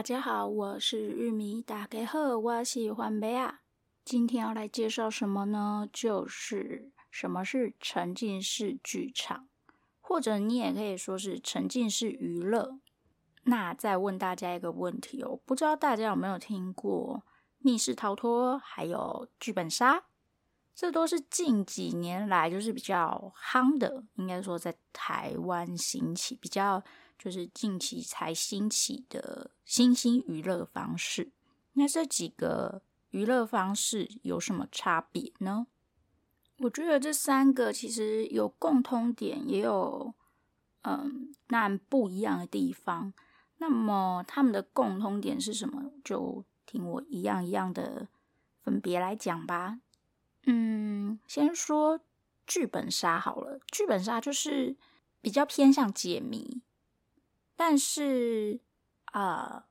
大家好，我是玉米。大家好，我喜歡白啊。今天要來介紹什麼呢？就是什麼是沉浸式劇場，或者你也可以說是沉浸式娛樂。那再問大家一個問題哦，不知道大家有沒有聽過密室逃脫，還有劇本殺？這都是近幾年來就是比較夯的，應該說在台灣興起比較。就是近期才興起的新興娛樂方式。那這幾個娛樂方式有什麼差別呢？我覺得這三個其實有共通點，也有嗯，但不一樣的地方。那麼他們的共通點是什麼？就聽我一樣一樣的分別來講吧。嗯，先說劇本殺好了。劇本殺就是比較偏向解謎。但是，啊，呃，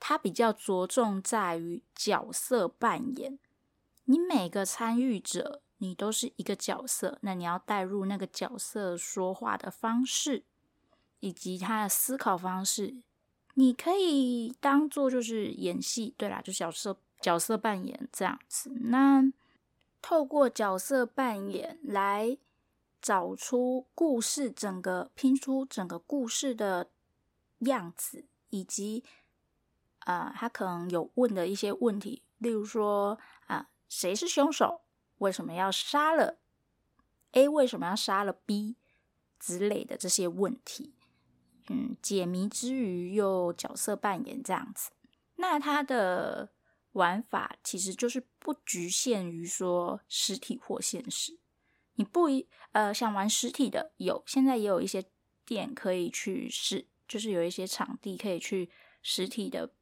它比較着重在於角色扮演。你每個參與者，你都是一個角色，那你要帶入那個角色說話的方式，以及他的思考方式。你可以當做就是演戲，對啦，就角色角色扮演這樣子。那透過角色扮演來找出故事，整個，拼出整個故事的。樣子，以及啊、呃，他可能有問的一些問題，例如說啊、呃，誰是兇手？為什麼要殺了 A？為什麼要殺了 B？之類的這些問題。嗯，解謎之餘又角色扮演這樣子，那他的玩法其實就是不局限於說實體或現實。你不一，呃，想玩實體的，有，現在也有一些店可以去試。就是有一些場地可以去實體的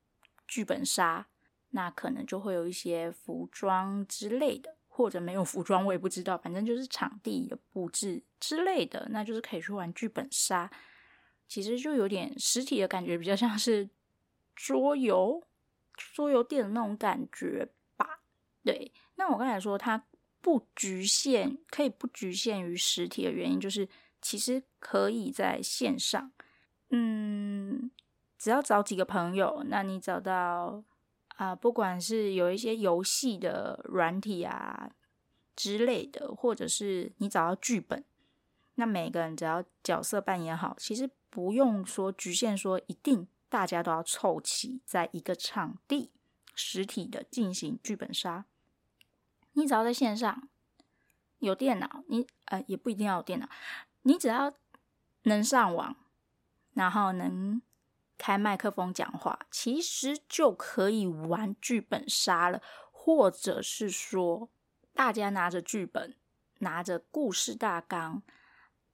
劇本殺，那可能就會有一些服裝之類的，或者沒有服裝我也不知道，反正就是場地的布置之類的，那就是可以去玩劇本殺。其實就有點實體的感覺，比較像是桌遊、桌遊店的那種感覺吧。對，那我剛才說它不局限，可以不局限於實體的原因，就是其實可以在線上。嗯，只要找幾個朋友，那你找到啊、呃，不管是有一些遊戲的軟體啊之類的，或者是你找到劇本，那每個人只要角色扮演好，其實不用說局限說一定大家都要湊齊在一個場地實體的進行劇本殺，你只要在線上有電腦，你呃也不一定要有電腦，你只要能上網。然後能開麥克風講話，其實就可以玩劇本殺了，或者是說大家拿着劇本，拿着故事大綱，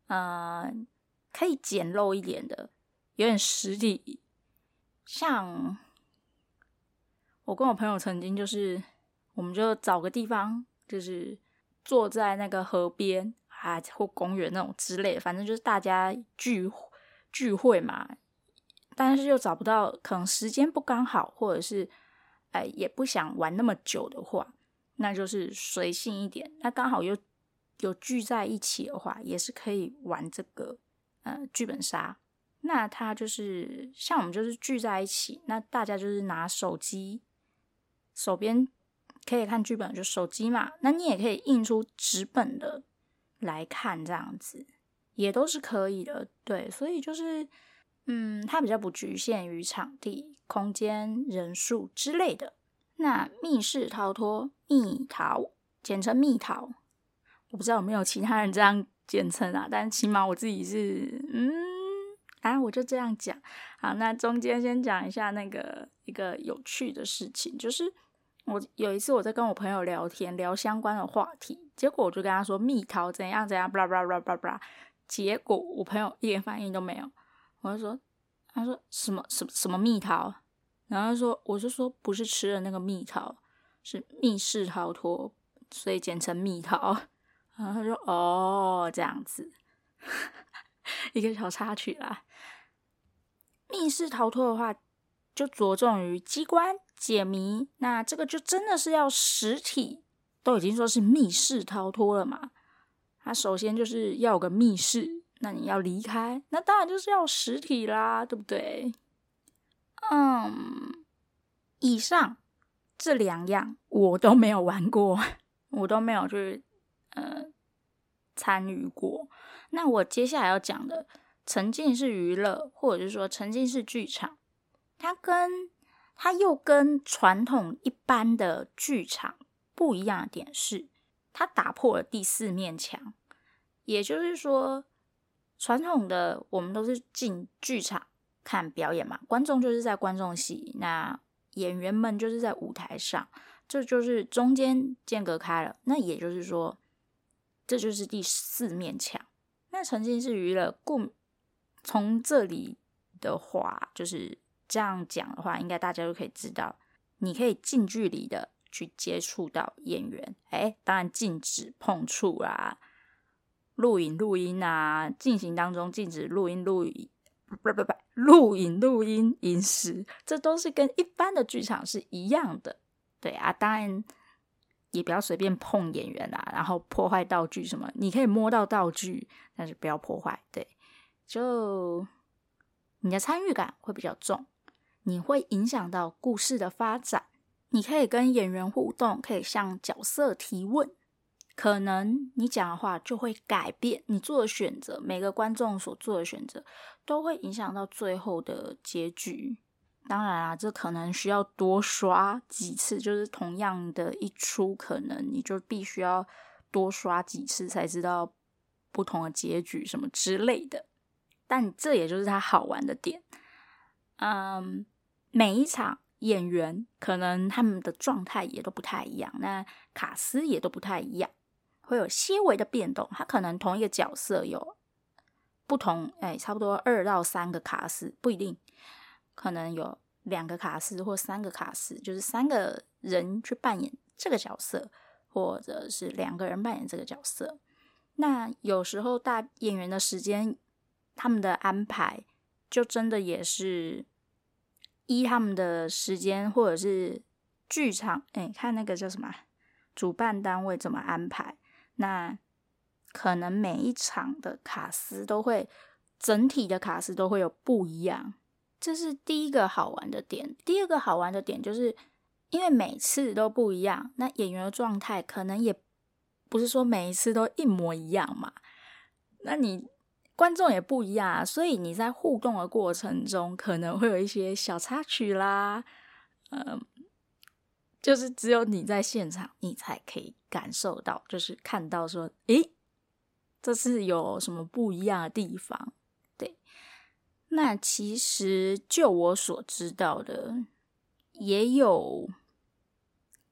呃，可以簡陋一點的，有點實體，像我跟我朋友曾經就是，我們就找個地方，就是坐在那個河邊啊，或公園那種之類的，反正就是大家聚會。聚會嘛，但是又找不到，可能時間不剛好，或者是，哎、呃，也不想玩那麼久的話，那就是隨性一點。那剛好又有聚在一起的話，也是可以玩這個呃劇本殺。那它就是像我們就是聚在一起，那大家就是拿手機手邊可以看劇本，就手機嘛。那你也可以印出紙本的來看，這樣子。也都是可以的，對，所以就是，嗯，它比較不局限於場地、空間、人數之類的。那密室逃脫，密逃，簡稱密逃，我不知道有沒有其他人這樣簡稱啊？但是起碼我自己是，嗯，啊，我就這樣講。好，那中間先講一下那個一個有趣的事情，就是我有一次我在跟我朋友聊天，聊相關的話題，結果我就跟他說密逃怎樣怎樣，巴拉巴拉巴拉巴拉。結果我朋友一點反應都沒有，我就說，他說什麼什麼什麼蜜桃，然後說我就說不是吃的那個蜜桃，是密室逃脫，所以簡稱蜜桃，然後他說哦，這樣子， 一個小插曲啦。密室逃脫的話，就着重於機關解謎，那這個就真的是要實體，都已經說是密室逃脫了嘛。他首先就是要有個密室，那你要離開，那當然就是要實體啦，對不對？嗯，以上這兩樣我都沒有玩過，我都沒有去呃參與過。那我接下來要講的沉浸式娛樂，或者是說沉浸式劇場，它跟它又跟傳統一般的劇場不一樣的點是。它打破了第四面牆，也就是說，傳統的我們都是進劇場看表演嘛，觀眾就是在觀眾席，那演員們就是在舞台上，這就是中間間隔開了。那也就是說，這就是第四面牆。那沉浸式娛樂，故從這裡的話就是這樣講的話，應該大家都可以知道，你可以近距離的。去接觸到演員，哎，當然禁止碰觸啊，錄影錄音啊，進行當中禁止錄音錄影，不不不，錄影錄音飲食，這都是跟一般的劇場是一樣的。對啊，當然也不要隨便碰演員啊，然後破壞道具什麼，你可以摸到道具，但是不要破壞。對，就你的參與感會比較重，你會影響到故事的發展。你可以跟演員互動，可以向角色提問，可能你講的話就會改變你做的選擇，每個觀眾所做的選擇都會影響到最後的結局。當然啦、啊，這可能需要多刷幾次，就是同樣的一齣，可能你就必須要多刷幾次才知道不同的結局什麼之類的。但這也就是它好玩的點，嗯，每一場。演員可能他們的狀態也都不太一樣，那卡司也都不太一樣，會有些微，微的變動。他可能同一個角色有不同，哎、欸，差不多二到三個卡司不一定，可能有兩個卡司或三個卡司，就是三個人去扮演這個角色，或者是兩個人扮演這個角色。那有時候大演員的時間，他們的安排就真的也是。依他們的時間或者是劇場，誒、欸，看那個叫什麼，主辦單位怎麼安排？那可能每一場的卡司都會，整體的卡司都會有不一樣。這是第一個好玩的點。第二個好玩的點就是，因為每次都不一樣，那演員的狀態可能也不是說每一次都一模一樣嘛。那你。觀眾也不一樣，所以你在互動的過程中可能會有一些小插曲啦，嗯，就是只有你在現場，你才可以感受到，就是看到說，誒，這是有什麼不一樣的地方？對，那其實就我所知道的，也有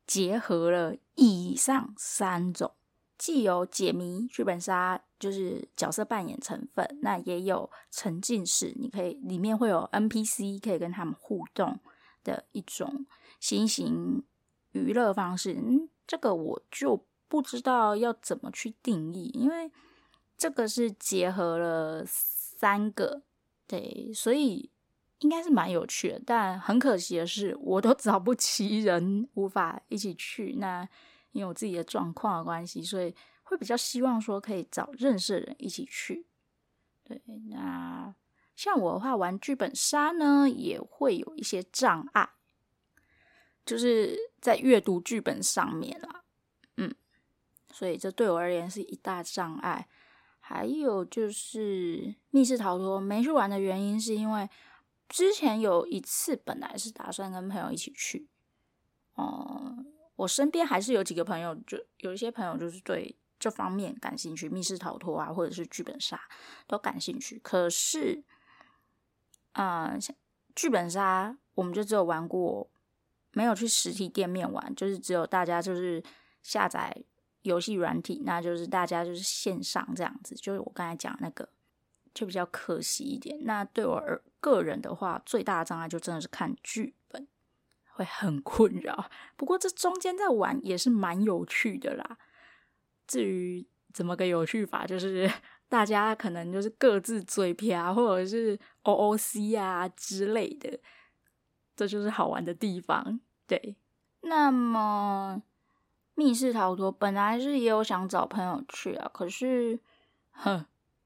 結合了以上三種。既有解謎、劇本殺，就是角色扮演成分，那也有沉浸式，你可以裡面會有 NPC 可以跟他們互動的一種新型娛樂方式。嗯，這個我就不知道要怎麼去定義，因為這個是結合了三個，對，所以應該是蠻有趣的。但很可惜的是，我都找不齊人，無法一起去。那。因為我自己的狀況的關係，所以會比較希望說可以找認識的人一起去。對，那像我的話玩劇本殺呢，也會有一些障礙，就是在閱讀劇本上面啦，嗯，所以這對我而言是一大障礙。還有就是密室逃脫沒去玩的原因，是因為之前有一次本來是打算跟朋友一起去，嗯。我身邊還是有幾個朋友，就有一些朋友就是對這方面感興趣，密室逃脫啊，或者是劇本殺都感興趣。可是，嗯，劇本殺我們就只有玩過，沒有去實體店面玩，就是只有大家就是下載遊戲軟體，那就是大家就是線上這樣子。就是我剛才講那個，就比較可惜一點。那對我個人的話，最大的障礙就真的是看劇。會很困擾，不過這中間在玩也是蠻有趣的啦。至於怎麼個有趣法，就是大家可能就是各自嘴瓢，或者是 OOC 啊之類的，這就是好玩的地方。對，那麼密室逃脫本來是也有想找朋友去啊，可是，哼，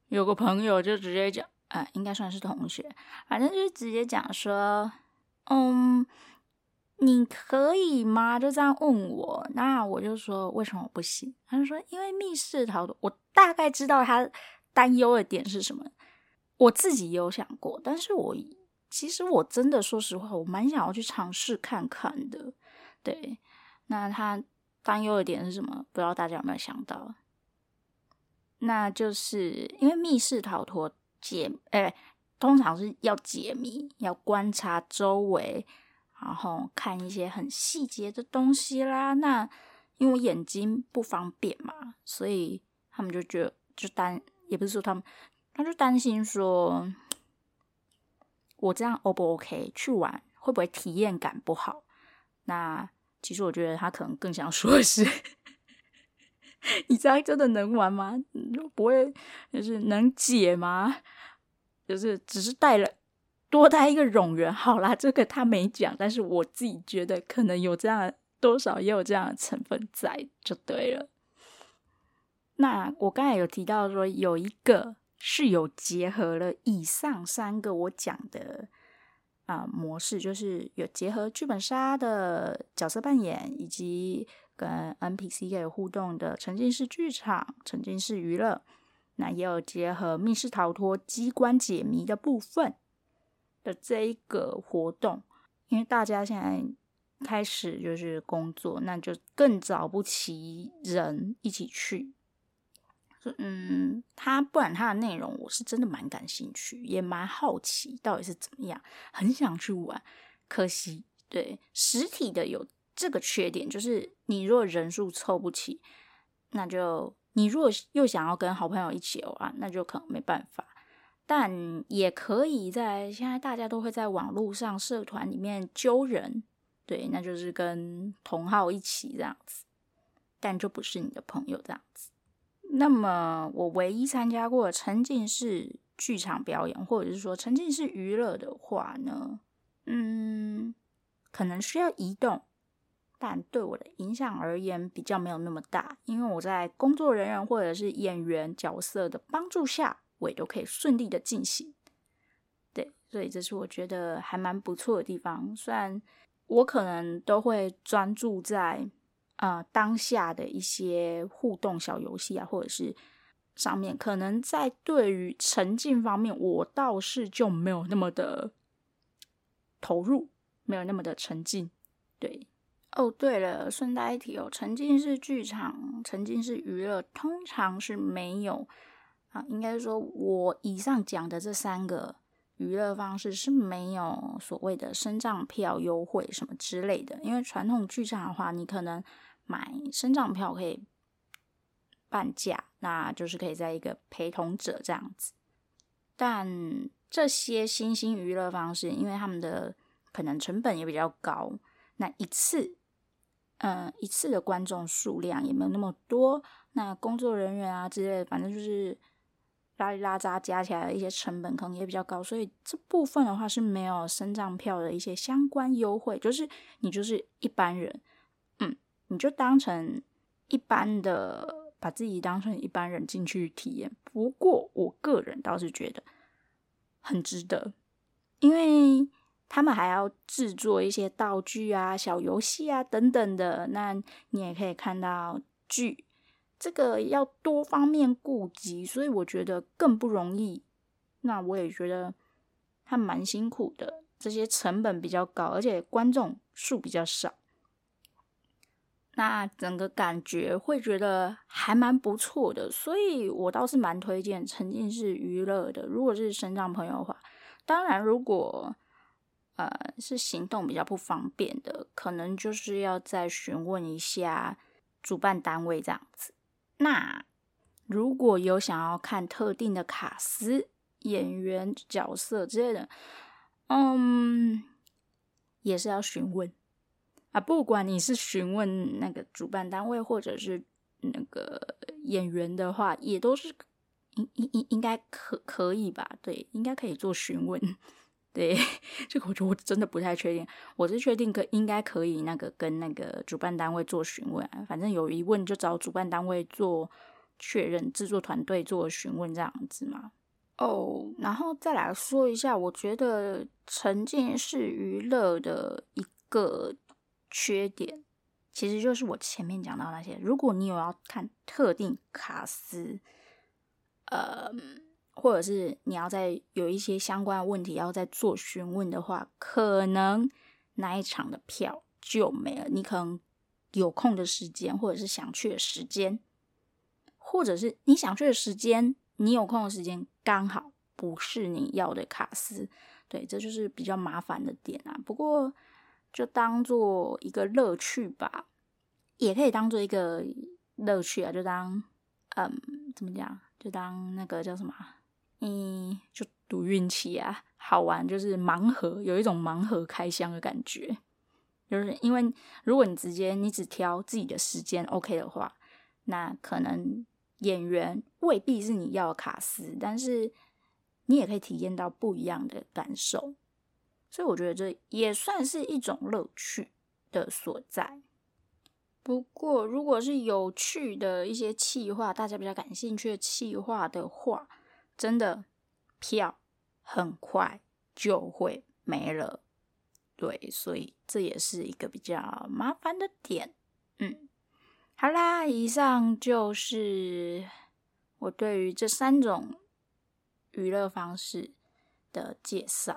有個朋友就直接講，哎、呃，應該算是同學，反正就是直接講說，嗯。你可以嗎？就這樣問我，那我就說為什麼我不行。他就說，因為密室逃脫，我大概知道他擔憂的點是什麼。我自己也有想過，但是我其實我真的說實話，我蠻想要去嘗試看看的。對，那他擔憂的點是什麼？不知道大家有沒有想到？那就是因為密室逃脫解，哎、欸，通常是要解謎，要觀察周圍。然後看一些很細節的東西啦。那因為我眼睛不方便嘛，所以他們就覺得就擔，也不是說他們，他就擔心說，我這樣 O 不 OK？去玩會不會體驗感不好？那其實我覺得他可能更想說的是， 你這樣真的能玩嗎？就不會就是能解嗎？就是只是帶了。多他一個冗員，好啦，這個他沒講，但是我自己覺得可能有這樣多少也有這樣的成分在，就對了。那我剛才有提到說，有一個是有結合了以上三個我講的啊、呃、模式，就是有結合劇本殺的角色扮演，以及跟 NPC 也有互動的沉浸式劇場、沉浸式娛樂，那也有結合密室逃脫、機關解謎的部分。的這一個活動，因為大家現在開始就是工作，那就更找不齊人一起去。嗯，他不然他的內容我是真的蠻感興趣，也蠻好奇到底是怎麼樣，很想去玩。可惜，對，實體的有這個缺點，就是你若人數湊不齊，那就你若又想要跟好朋友一起玩，那就可能沒辦法。但也可以在現在，大家都會在網絡上社團裡面揪人，對，那就是跟同好一起這樣子，但就不是你的朋友這樣子。那麼我唯一參加過沉浸式劇場表演，或者是說沉浸式娛樂的話呢，嗯，可能需要移動，但對我的影響而言比較沒有那麼大，因為我在工作人員或者是演員角色的幫助下。我都可以順利的進行，對，所以這是我覺得還蠻不錯的地方。雖然我可能都會專注在啊、呃、當下的一些互動小遊戲啊，或者是上面，可能在對於沉浸方面，我倒是就沒有那麼的投入，沒有那麼的沉浸。對，哦，對了，順帶一提哦，沉浸式劇場、沉浸式娛樂通常是沒有。啊，應該說，我以上講的這三個娛樂方式是沒有所謂的身障票優惠什麼之類的。因為傳統劇場的話，你可能買身障票可以半價，那就是可以在一個陪同者這樣子。但這些新興娛樂方式，因為他們的可能成本也比較高，那一次，嗯、呃，一次的觀眾數量也沒有那麼多，那工作人員啊之類的，反正就是。拉哩拉雜加起來的一些成本可能也比較高，所以這部分的話是沒有身障票的一些相關優惠，就是你就是一般人，嗯，你就當成一般的，把自己當成一般人進去體驗。不過我個人倒是覺得很值得，因為他們還要製作一些道具啊、小遊戲啊等等的，那你也可以看到劇。這個要多方面顧及，所以我覺得更不容易。那我也覺得還蠻辛苦的，這些成本比較高，而且觀眾數比較少。那整個感覺會覺得還蠻不錯的，所以我倒是蠻推薦沉浸式娛樂的。如果是身障朋友的話，當然如果呃是行動比較不方便的，可能就是要再詢問一下主辦單位這樣子。那如果有想要看特定的卡司、演員、角色之類的，嗯，也是要詢問啊。不管你是詢問那個主辦單位，或者是那個演員的話，也都是應應應應該可可以吧？對，應該可以做詢問。對，這個我覺得我真的不太確定。我是確定可應該可以那個跟那個主辦單位做詢問，反正有疑問就找主辦單位做確認，制作團隊做詢問這樣子嘛。哦，然後再來說一下，我覺得沉浸式娛樂的一個缺點，其實就是我前面講到那些，如果你有要看特定卡司，呃。或者是你要在有一些相關的問題，要在再做詢問的話，可能那一場的票就沒了。你可能有空的時間，或者是想去的時間，或者是你想去的時間，你有空的時間剛好不是你要的卡司，對，這就是比較麻煩的點啊。不過就當做一個樂趣吧，也可以當做一個樂趣啊，就當嗯，怎麼講，就當那個叫什麼？你、嗯、就賭運氣啊，好玩，就是盲盒，有一種盲盒開箱的感覺。就是因為如果你直接你只挑自己的時間 OK 的話，那可能演員未必是你要的卡司，但是你也可以體驗到不一樣的感受。所以我覺得這也算是一種樂趣的所在。不過如果是有趣的一些企劃，大家比較感興趣的企劃的話，真的票很快就會沒了，對，所以這也是一個比較麻煩的點。嗯，好啦，以上就是我對於這三種娛樂方式的介紹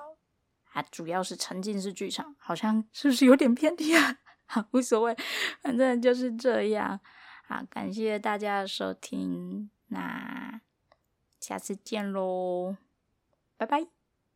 啊，主要是沉浸式劇場，好像是不是有點偏題啊？好，無所謂，反正就是這樣。好，感謝大家的收聽，那。下次見嘍，拜拜。